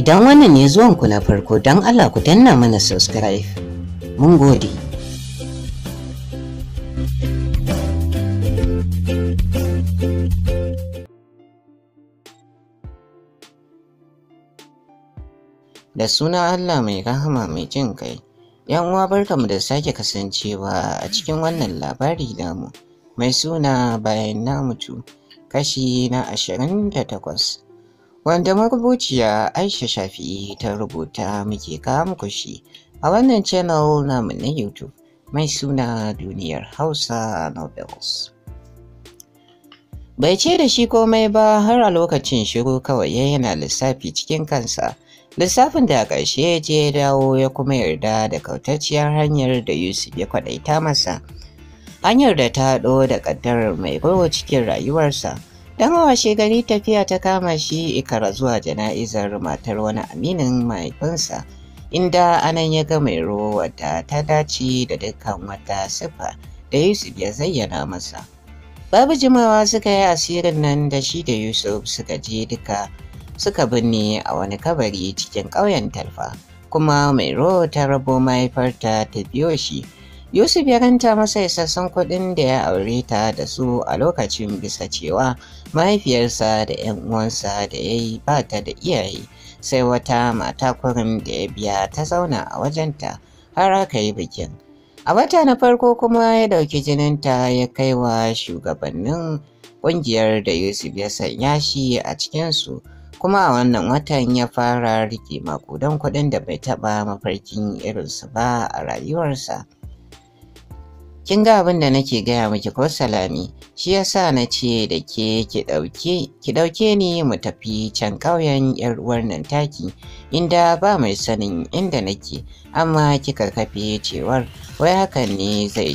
Idan wannan ne zuwan kula farko don Allah ku danna mana subscribe. Mun gode. Da suna Allah mai rahama mai jin kai, ‘yan uwa barkamu da sake kasancewa a cikin wannan labari namu mai suna bayan namutu kashi na ashirin wanda marubuciya Aisha Shafi'i ta rubuta muke kawo muku shi a wannan channel namu na YouTube mai suna Duniyar Hausa Novels. Bai ce da shi komai ba har a lokacin shiru kawai ya yana lissafi cikin kansa. Lissafin da a ƙarshe ya je dawo ya kuma yarda da kautacciyar hanyar da Yusuf ya kwaɗaita masa. Hanyar da ta haɗo da ƙaddarar mai goro cikin rayuwarsa. Dan washe gari tafiya ta kama shi ikara zuwa jana'izar matar wani aminin mahaifinsa, inda anan ya ga mai wadda ta dace da dukkan wata siffa da Yusuf ya zayyana masa. Babu jimawa suka yi asirin nan da shi da Yusuf suka je duka suka binne a wani kabari cikin ƙauyen Talfa, kuma mai ta rabo mahaifarta ta biyo shi. Yusuf ya ranta masa isassun kuɗin da ya aure ta da su a lokacin bisa cewa mahaifiyarsa da 'yan uwansa da ya yi ba ta da iyaye sai wata mata kurin da ya biya ta zauna a wajenta har aka yi bikin. A wata na farko kuma ya ɗauki jininta ya kai wa shugabannin ƙungiyar da Yusuf ya sanya shi a cikinsu kuma a wannan watan ya fara rike makudan kuɗin da bai taɓa mafarkin irinsu ba a rayuwarsa. Kin ga abin da nake gaya miki ko salami, shi yasa na ce da ke ki ɗauke ni mu tafi can ƙauyen ‘yar uwar nan taki, inda ba mai sanin inda nake, amma kika kafe cewar wai hakan ne zai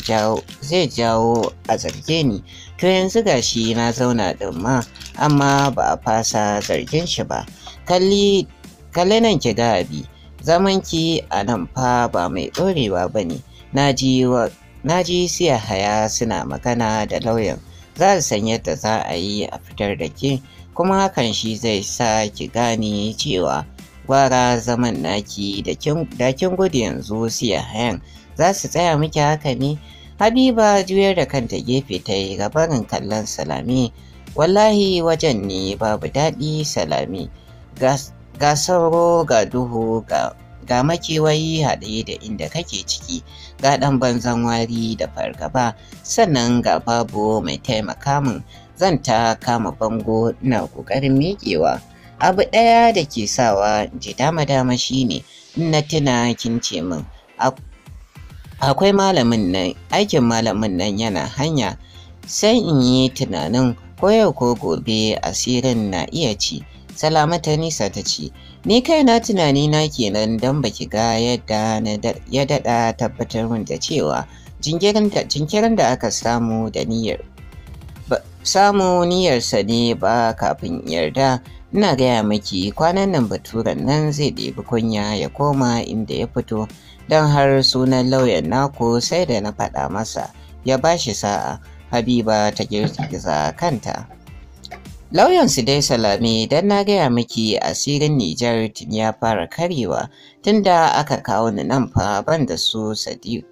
jawo a zarge ni, to yanzu gashi na zauna ɗin ma, amma ba a fasa zargin shi ba. Kalli nan ki ga abi, zamanki a nan fa ba mai ɗorewa ba ne, na ji na ji siya haya suna magana da lauyan za su san yadda za a yi a fitar da ki. kuma hakan shi zai sa ki gane cewa gwara zaman naki da kin gudu yanzu siya hayan za su tsaya miki haka ne habiba juyar da kanta gefe ta yi gabarin kallon salami wallahi wajen ne babu daɗi salami ga sauro ga duhu ga ga makewayi haɗe da inda kake ciki ga ɗan banzan wari da fargaba sannan ga babu mai taimaka min zan ta kama bango na ƙoƙarin miƙewa abu ɗaya da ke sawa ji dama dama shine in na tuna kin ce min akwai malamin nan aikin malamin nan yana hanya sai in yi tunanin ko ko gobe asirin na iya ci salamata nisa ta ce Ni kaina tunanina kenan don baki ga yadda ya daɗa tabbatar min da cewa jinkirin da aka samu da niyyar samu niyyarsa ne ba kafin yarda ina gaya maki kwanan nan baturen nan zai ɗebi kunya ya koma inda ya fito don har sunan lauyan naku sai da na faɗa masa ya bashi sa'a habiba ta girgiza kanta lauyan su dai salame don na gaya miki asirin Nijar tun ya fara karewa tun da aka kawo ni nan fa ban da su Sadiq.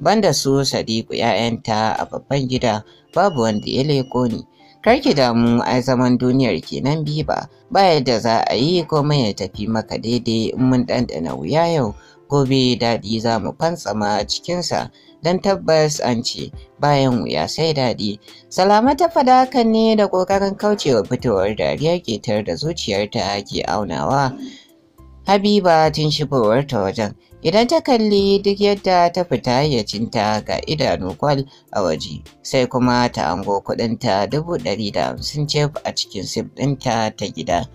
Ban su Sadiku ‘ya'yanta a babban gida babu wanda ya leko ni. Karki damu ai zaman duniyar kenan bi ba ba yadda za a yi komai ya tafi maka daidai in mun ɗanɗana wuya yau gobe daɗi za mu fantsama cikinsa don tabbas an ce bayan wuya sai daɗi. Salama ta fada hakan ne da ƙoƙarin kaucewa fitowar dariyar tar da zuciyarta ke aunawa. Habiba tun shigowarta wajen, idan ta kalli duk yadda ta fita hayyacinta ga idanu kwal a waje, sai kuma ta ango kuɗinta dubu ɗari da hamsin cef a cikin sif ɗinta ta gida.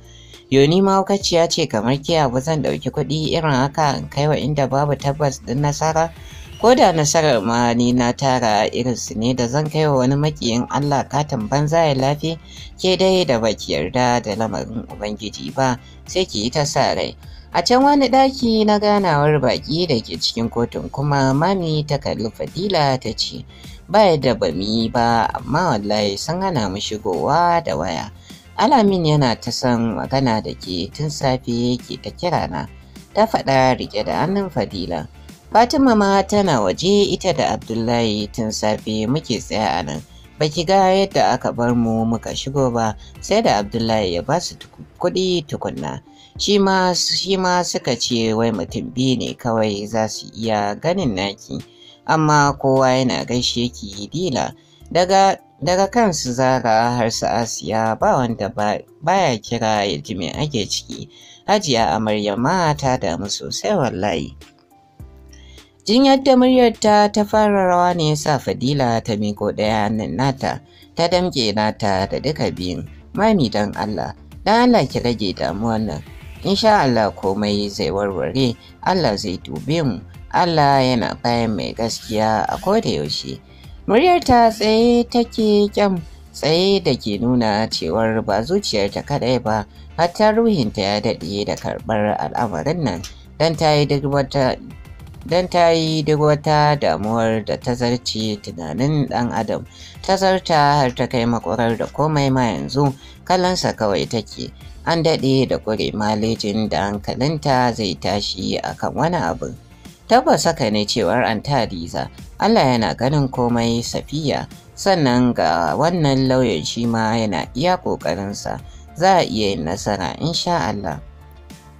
Yoni mahaukaciya ce kamar kiya ba zan ɗauki kuɗi irin haka in kai wa inda babu tabbas ɗin nasara. ko da nasarar ma ni na tara irin su ne da zan kai wa wani makiyin Allah katin banza ya lafi ke dai da baki yarda da lamarin ubangiji ba sai ki yi ta sa rai A can wani daki na ganawar baƙi da ke cikin kotun kuma mami ta kalli fadila ta ce, ba yadda ba mi ba amma wallahi sun hana mu shigowa da waya. Alamin yana ta san magana da ke tun safe ke ta kirana, ta faɗa rike da hannun fadila. Fatima ma tana waje ita da Abdullahi tun safe muke tsaya a nan. Baki ga yadda aka bar mu muka shigo ba sai da Abdullahi ya ba su kuɗi tukunna. Shi ma suka ce wai mutum biyu ne kawai za su iya ganin naki. Amma kowa yana gaishe ki dila. Daga daga kansu zara har su asiya ba wanda baya kira ya ji me ake ciki. Hajiya amarya ma ta damu sosai wallahi. Jin yadda muryarta ta fara rawa ne ya sa Fadila ta miko ɗaya hannun nata, ta damƙe nata da duka biyun. Mami don Allah, don Allah ki rage damuwar nan. Insha Allah komai zai warware, Allah zai dube mu, Allah yana bayan mai gaskiya a kodayaushe. yaushe. Muryarta tsaye take kyam tsaye da ke nuna cewar ba zuciyarta kadai ba, hatta ruhinta ya daɗe da karɓar al'amarin nan, don ta yi duk wata don ta yi duk wata damuwar da ta zarce tunanin ɗan adam ta zarta har ta kai makwarar da komai ma yanzu kalansa kawai take an daɗe da ƙure malejin da hankalinta zai tashi a kan wani abu tabbas haka ne cewar antariza allah yana ganin komai safiya sannan ga wannan lauyan shi ma yana iya ƙoƙarinsa za a iya yin nasara insha allah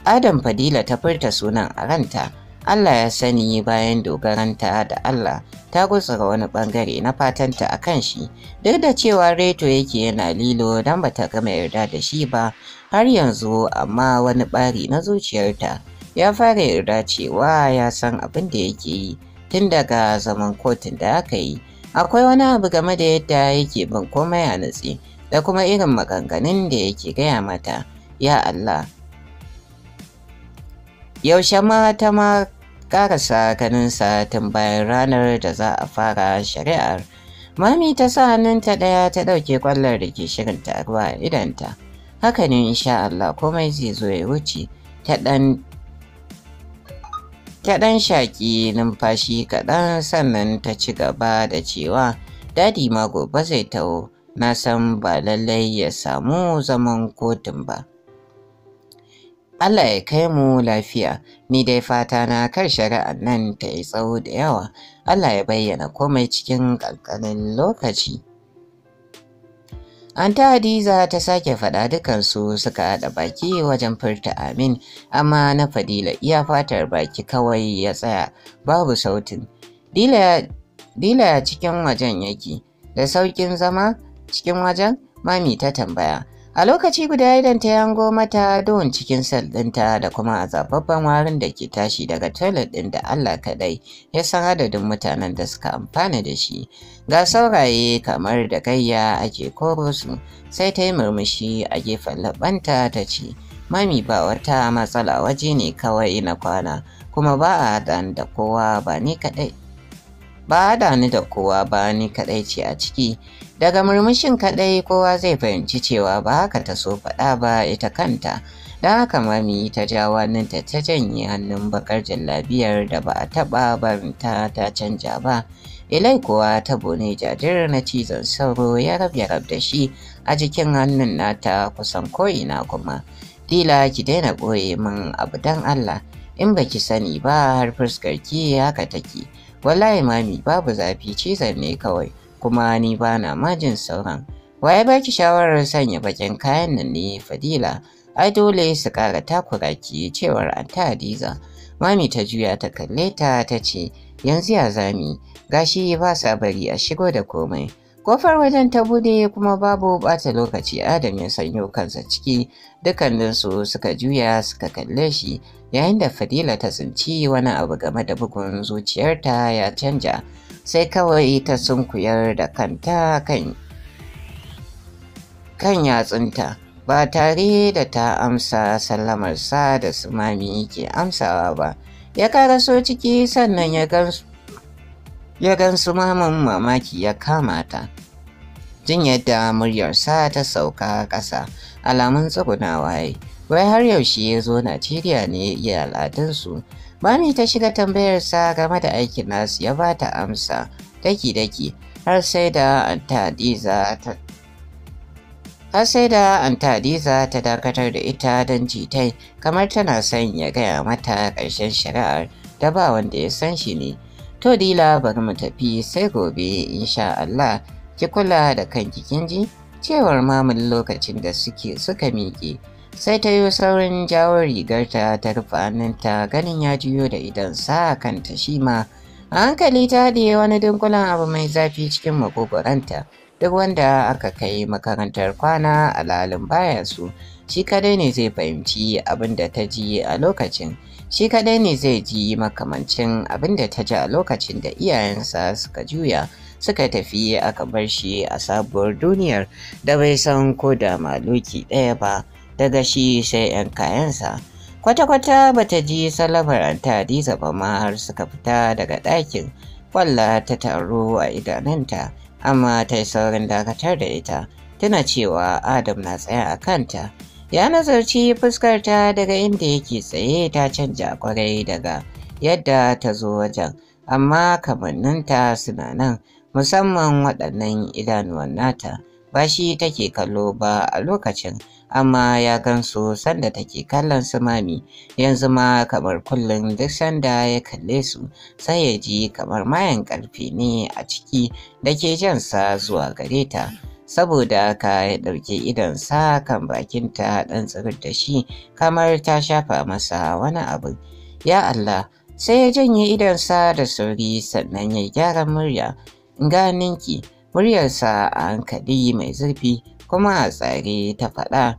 adam fadila ta furta sunan a ranta Allah ya sani bayan dogaranta da Allah ta ga wani bangare na fatanta a kan shi duk da cewa reto yake yana lilo don ba ta gama yarda da shi ba har yanzu amma wani bari na zuciyarta ya fara yarda cewa ya san abin da yake yi tun daga zaman kotun da aka yi akwai wani abu game da yadda yake bin komai a nutse da kuma irin maganganun da yake gaya mata ya Allah yaushe ma ta ma karasa ganinsa tun bayan ranar da za a fara shari'ar mami ta sa hannunta ɗaya ta ɗauke kwallon da ke shirin taruwa a idanta haka ne insha Allah komai zai zo ya wuce ta ɗan ta ɗan shaƙi numfashi kaɗan sannan ta ci gaba da cewa dadi ma gobe zai taho na san ba lallai ya samu zaman kotun ba. Allah ya kai mu lafiya, ni dai fata na kar shari'ar nan ta yi tsawo da yawa, Allah ya bayyana komai cikin ƙanƙanin lokaci. An ta Hadiza ta sake faɗa dukansu suka haɗa baki wajen furta amin, amma na fadila iya fatar baki kawai ya tsaya babu sautin. Dila ya cikin wajen yake, da sauƙin zama cikin wajen mami ta tambaya. A lokaci guda idan ta yango mata don cikin saldinta da kuma a zababban warin da ke tashi daga toilet ɗin da Allah kaɗai ya san adadin mutanen da suka amfana da shi. Ga sauraye kamar da gayya ake koro su sai ta yi murmushi a gefen labanta ta ce, Mami ba wata matsala waje ne kawai na kwana kuma ba a haɗa da kowa ba ni kaɗai. Ba a da kowa ba ni kaɗai ce a ciki Daga murmushin kaɗai kowa zai fahimci cewa ba haka ta so faɗa ba ita kanta. Da haka mami ta ja ta ta janye hannun bakar jallabiyar da ba a taɓa barinta ta canja ba. Ilai kuwa ta bone jajir na cizon sauro ya rab rab da shi a jikin hannun nata kusan ko'ina kuma. Dila ki daina ɓoye min abu dan Allah in ba ki sani ba har fuskar ki haka take. Wallahi mami babu zafi cizon ne kawai. kuma ni ba na majin sauran. Waye baki shawarar sanya bakin kayan nan ne Fadila, ai dole su kara takura ki cewar Anta Hadiza. Mami ta juya ta kalle ta ta ce, yanzu ya zami, gashi ba sa bari a shigo da komai. Kofar wajen ta bude kuma babu ɓata lokaci Adam ya sanyo kansa ciki dukkaninsu suka juya suka kalle shi yayin da Fadila ta tsinci wani abu game da bugun zuciyarta ya canja. sai kawai ta sunkuyar da kanta kan kan yatsunta ba tare da ta amsa sallamarsa da sumami ke amsawa ba ya karaso ciki sannan ya gan su maman mamaki ya kama ta jin yadda muryarsa ta sauka ƙasa alamun tsugunawa wai har yaushe ya zo najeriya ne ya iya al'adunsu Mami ta shiga tambayarsa game da aikin nasu ya ba ta amsa daki-daki har sai da Antadiza ta har sai da Antadiza ta dakatar da ita don jitai kamar tana son ya gaya mata ƙarshen shari'ar da ba wanda ya san shi ne. To dila bari mu tafi sai gobe insha Allah ki kula da kanki kin ji cewar mamun lokacin da suke suka miƙe. sai ta yi saurin jawo rigarta ta rufe hannunta ganin ya juyo da idan sa kanta shi ma a hankali ta haɗiye wani dunkulen abu mai zafi cikin makogoranta duk wanda aka kai makarantar kwana a lalin bayan su shi kadai ne zai fahimci abin da ta ji a lokacin shi kadai ne zai ji makamancin abin da ta ji a lokacin da iyayensa suka juya suka tafi aka bar shi a sabuwar duniyar da bai san ko da maluki ɗaya ba daga shi sai 'yan kayansa. Kwata-kwata bata ji salamar anta ba ma har suka fita daga ɗakin kwalla ta taro a idanunta, amma ta yi saurin dakatar da ita, tana cewa Adam na tsaye a kanta. Ya nazarci ta daga inda yake tsaye ta canja kwarai daga yadda ta zo wajen, amma kamanninta suna nan musamman waɗannan idanuwan nata ba shi take kallo ba a lokacin. amma ya gan su, sanda take kallon su mami yanzu ma kamar kullum duk sanda ya kalle su sai ya ji kamar mayan karfe ne a ciki da ke jan sa zuwa gare ta saboda ka ya idon sa kan bakinta ɗan tsibir da shi kamar ta shafa masa wani abu ya Allah sai ya janye sa da sauri sannan ya gyara murya ganinki muryarsa a hankali mai zurfi kuma a tsare ta faɗa.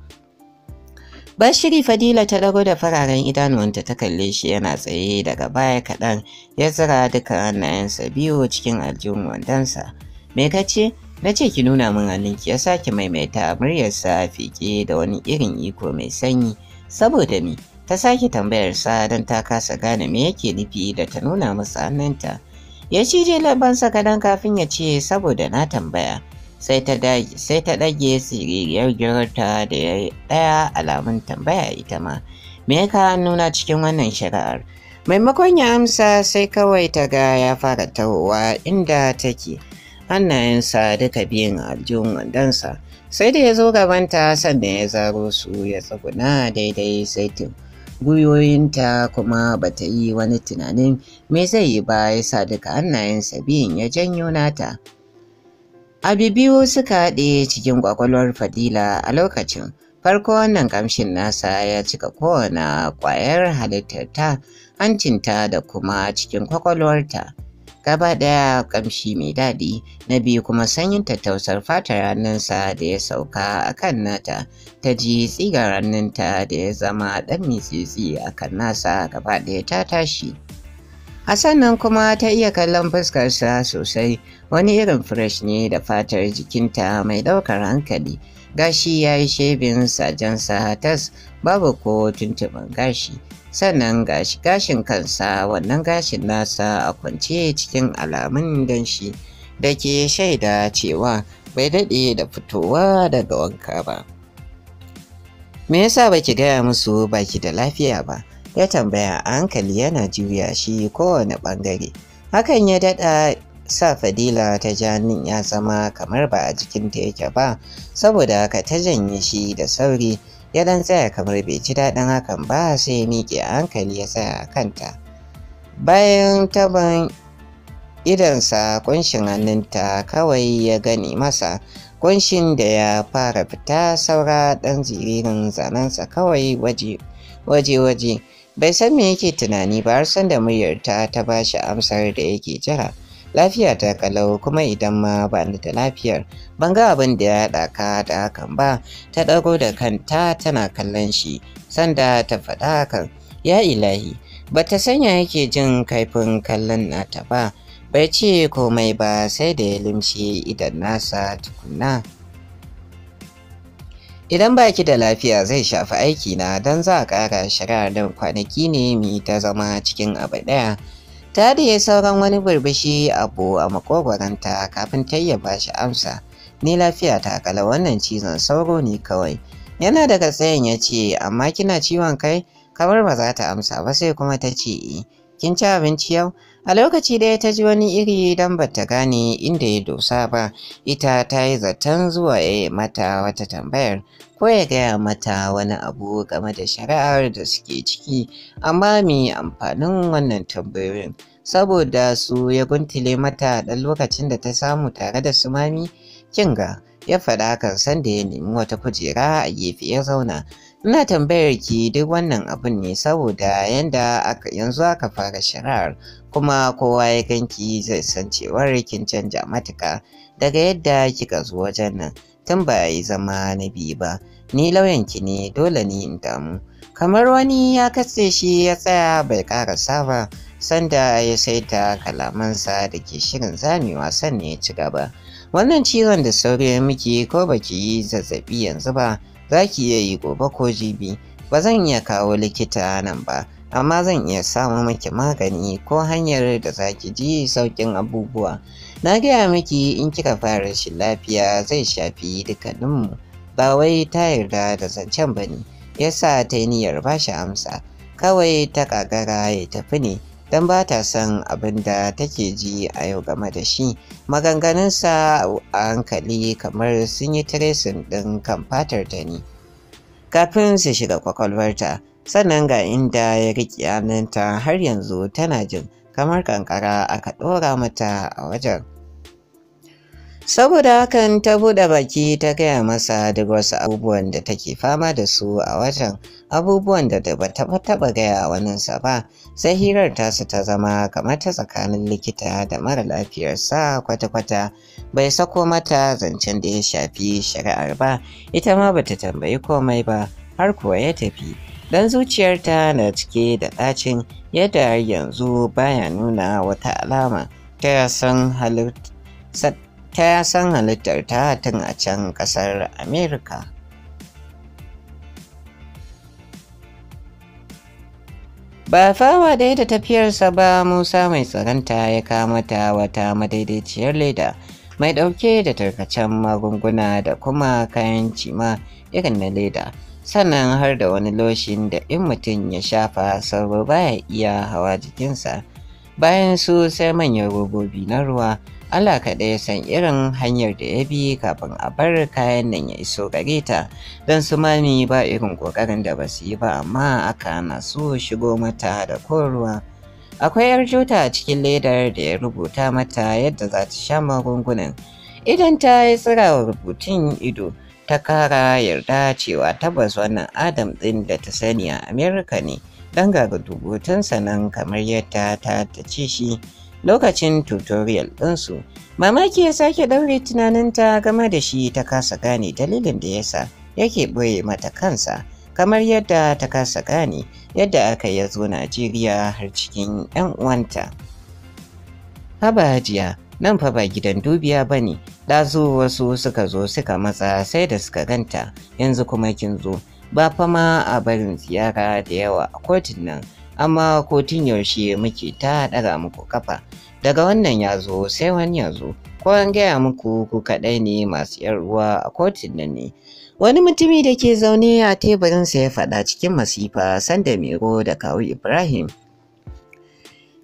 Bashiri Fadila ta dago da fararen idanuwanta ta kalle shi yana tsaye daga baya kaɗan ya tsira duka hannayensa biyu cikin aljihun wandonsa. Me ka ce? Na ce ki nuna min hannunki ya sake maimaita muryarsa fiƙe da wani irin iko mai sanyi. Saboda me? Ta sake tambayarsa don ta kasa gane me yake nufi da ta nuna masa hannunta. Ya cije labansa kaɗan kafin ya ce saboda na tambaya. sai ta ɗage siririyar girarta da ya yi ɗaya alamun tambaya ita ma. Me ka nuna cikin wannan shari'ar? Maimakon ya amsa sai kawai ta ga ya fara tahowa inda take. Hannayensa duka biyun aljihun wandonsa. Sai da ya zo gabanta sannan ya zaro su ya tsaguna daidai saitin. Gwiwoyinta kuma ba ta yi wani tunanin me zai yi ba ya sa duka hannayensa biyun ya janyo nata. Abi biyu suka haɗe cikin kwakwalwar Fadila a lokacin. Farko wannan kamshin nasa ya cika kowane ƙwayar halittarta, hancinta da kuma cikin kwakwalwarta. Gaba ɗaya kamshi mai daɗi, na biyu kuma sanyin tattausar fatar hannunsa da ya sauka a kan nata, ta ji tsigar hannunta da ya zama ɗan mitsitsi a kan nasa gaba ɗaya ta tashi. A sannan kuma ta iya kallon fuskarsa sosai wani irin fresh ne da fatar jikinta mai ɗaukar hankali. Gashi ya yi shebin sajensa tas babu ko tuntuɓin gashi. Sannan gashi gashin kansa wannan gashin nasa a kwance cikin alamun danshi da ke shaida cewa bai daɗe da fitowa daga wanka ba. Me yasa baki gaya musu baki da lafiya ba? ya tambaya a hankali yana juya shi kowane ɓangare. Hakan ya daɗa sa fadila ta janin ya zama kamar ba a jikinta yake ba saboda haka ta janye shi da sauri ya dan tsaya kamar bai ci daɗin hakan ba sai ya miƙe a hankali ya tsaya a kanta bayan taban idansa kunshin hannunta kawai ya gani masa kunshin da ya fara fita saura ɗan ziririn zanensa kawai waje waje bai san me yake tunani ba har san da muryar ta ta ba shi amsar da yake jira lafiya ta kalau kuma idan ma ba ni da lafiyar ban ga abin da ya haɗa ka da hakan ba ta ɗago da kanta tana kallon shi sanda ta faɗa hakan ya ilahi bata sanya yake jin kaifin kallon nata ba bai ce komai ba sai da ya limshe idan nasa tukunna Idan ba ki da lafiya zai shafi aiki na don za a ƙara shari'a da kwanaki ne mu ta zama cikin abu ɗaya. Ta da sauran wani burbushi abu a makogwaranta kafin ta iya ba shi amsa. Ni lafiya ta kala wannan cizon sauro ne kawai. Yana daga tsayin ya ce, amma kina ciwon kai? Kamar ba za ta amsa ba sai kuma ta ce, eh, kin ci abinci yau? A lokaci ɗaya ta ji wani iri don bata gane inda ya dosa ba, ita ta yi zaton zuwa ya yi mata wata tambayar ko ya gaya mata wani abu game da shari'ar da suke ciki, amma mai amfanin wannan tambayoyin. Saboda su ya guntule mata ɗan lokacin da ta samu tare da su mami, kinga ya faɗa kan sanda ya nemi wata kujera a gefe ya zauna. Ina tambayar ki duk wannan abun ne saboda yanda yanzu aka fara shari'ar kuma kowa ya ganki zai san cewar kin canja matuka daga yadda kika zo wajen nan tun ba yi zama na biyu ba ni lauyan ki ne dole ni in damu kamar wani ya katse shi ya tsaya bai kara saba, sanda ya saita kalamansa da ke shirin wasan ne ya ci gaba wannan cizon da sauri ya miki ko baki yi zazzabi yanzu ba za ki iya yi gobe ko jibi ba zan iya kawo likita nan ba amma zan iya samu miki magani ko hanyar da za ki ji saukin abubuwa na gaya miki in kika fara shi lafiya zai shafi dukkaninmu ba wai ta yarda da zancen ba ne yasa ta yi niyyar ba shi amsa kawai ta ƙagara ya tafi ne don ba ta son abin da take ji a yau game da shi maganganunsa a hankali kamar sun yi tresin ɗin kan fatar ta ne kafin su shiga kwakwalwarta sannan ga inda ya riƙe hannunta har yanzu tana jin kamar kankara aka ɗora mata a wajen saboda hakan ta buɗe baki ta gaya masa duk wasu abubuwan da take fama da su a watan abubuwan da ba taɓa taɓa gaya waninsa ba sai hirar tasu ta zama kamar ta tsakanin likita da mara lafiyarsa kwata-kwata bai sako mata zancen da ya shafi shari'ar ba ita ma ba ta tambayi komai ba har kuwa ya tafi dan zuciyarta na cike da ɗacin yadda yanzu baya nuna wata alama ta san halitta ta san halittar ta tun a can ƙasar Amerika. Ba fawa ɗaya da tafiyarsa ba Musa mai tsaranta ya kama ta wata madaidaiciyar leda mai ɗauke da tarkacen magunguna da kuma kayan cima irin na leda. Sannan har da wani loshin da in mutum ya shafa sabo baya iya hawa jikinsa. bayan su sai manyan robobi na ruwa Allah kaɗai ya san irin hanyar da ya bi kafin a bar kayan nan ya iso gare ta don su mami ba irin ƙoƙarin da ba su yi ba amma aka na su shigo mata da ruwa. Akwai yar juta a cikin ledar da ya rubuta mata yadda za ta sha magungunan. Idan ta yi tsirawa rubutun ido ta kara yarda cewa tabbas wannan Adam ɗin da ta sani a Amerika ne. don ga dubutunsa nan kamar yadda ta tace shi lokacin tutorial ɗinsu. Mamaki ya sake ɗaure tunaninta game da shi ta kasa gane dalilin da yasa yake ɓoye mata kansa kamar yadda ta kasa gane yadda aka ya zo Najeriya har cikin 'yan uwanta. Haba hajiya nan fa ba gidan dubiya ba ne, ɗazu wasu suka zo suka matsa sai da suka ganta yanzu kuma kin zo. ba fa ma a barin ziyara da yawa a kotun nan amma kotun yaushe muke ta ɗaga muku kafa daga wannan ya zo sai wani ya zo ko an gaya muku ku kaɗai ne masu yan ruwa a kotun nan ne wani mutumi da ke zaune a teburinsa ya faɗa cikin masifa sanda miro da kawu ibrahim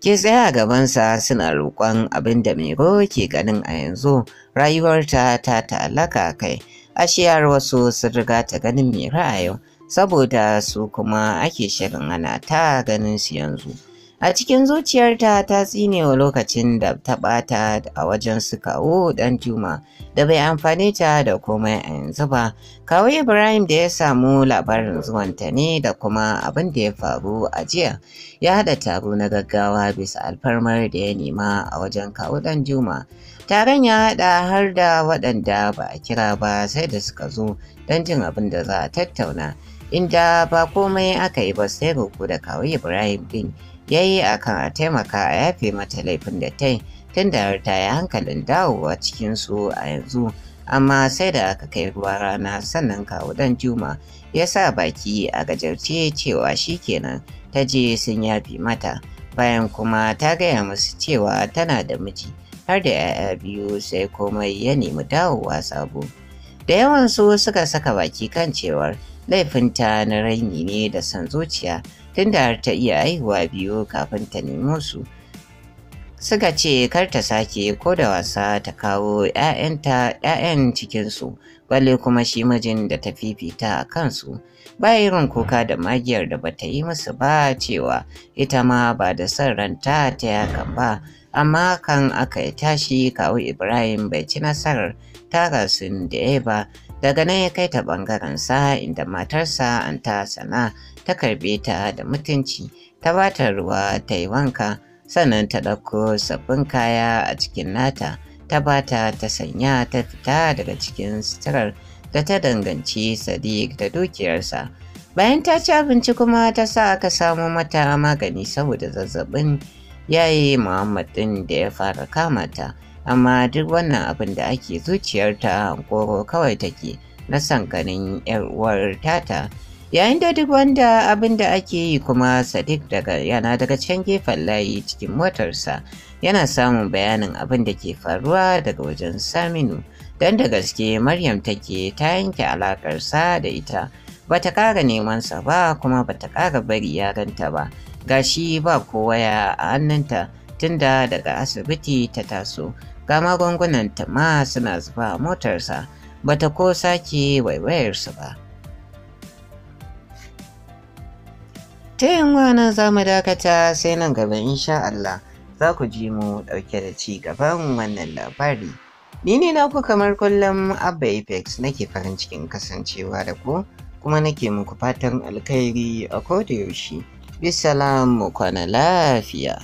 ke tsaya a gabansa suna roƙon abinda da ke ganin a yanzu rayuwarta ta talaka kai ashiyar wasu sun riga ta ganin mai ra'ayin saboda su kuma ake shirin ana ta ganin su yanzu. A cikin zuciyarta ta tsinewa lokacin da ta ɓata a wajen su kawo ɗan juma da bai amfani ta da komai a yanzu ba. Kawo Ibrahim da ya samu labarin zuwanta ne da kuma abin da ya faru a jiya ya haɗa taro na gaggawa bisa alfarmar da ya nema a wajen kawo ɗan juma. Taron ya haɗa har da waɗanda ba a kira ba sai da suka zo don jin abin da za a tattauna, inda ba komai aka yi ba sai roƙo da kawu Ibrahim ɗin ya yi akan a taimaka a yafe mata laifin da ta yi tun da har ta yi hankalin dawowa cikinsu a yanzu. Amma sai da aka kai ruwa rana sannan kawu dan Juma ya sa baki a gajarce cewa shi kenan ta je sun yafi mata bayan kuma ta gaya musu cewa tana da miji. har da 'ya'ya biyu sai komai ya nemi dawowa sabo. Da yawan su suka saka baki kan cewar laifinta na raini ne da son zuciya tunda har ta iya haihuwa biyu kafin ta nemo su. Suka ce kar ta sake ko da wasa ta kawo 'ya'yan cikinsu balle kuma shi mijin da ta fifita a kansu ba irin kuka da magiyar da bata yi musu ba cewa ita ma ba da son ranta ta yakan ba amma kan aka tashi kawo Ibrahim bai ci nasarar taga sun da ya ba daga nan ya kai ta bangaren sa inda matarsa an ta sana ta karbe ta da mutunci ta bata ruwa ta yi wanka sannan ta ɗauko sabbin kaya a cikin nata ta bata ta sanya ta fita daga cikin suturar da ta danganci sadiq da dukiyarsa bayan ta ci abinci kuma ta sa aka samo mata magani saboda zazzabin ya yi Muhammad ɗin da ya fara kama ta, amma duk wannan abin da ake zuciyarta koro kawai take na sankanin 'yar uwar tata. Yayin da duk wanda abin da ake yi kuma Sadiq daga yana daga can gefen layi cikin motarsa yana samun bayanin abin da ke faruwa daga wajen Saminu don da gaske Maryam take ta yanke alakarsa da ita bata ƙara sa ba kuma bata ƙara bari ya ganta ba. gashi ba kowa ya a hannunta tunda daga asibiti ta taso ga magungunan ta ma suna zuba motarsa bata ko sake su ba ta yanwa nan za mu dakata sai nan gaba insha Allah za ku ji mu ɗauke da ci gaban wannan labari ni ne naku kamar kullum abba apex nake farin cikin kasancewa da ku kuma nake muku fatan alkhairi a koda yaushe. bisalamu kwana lafiya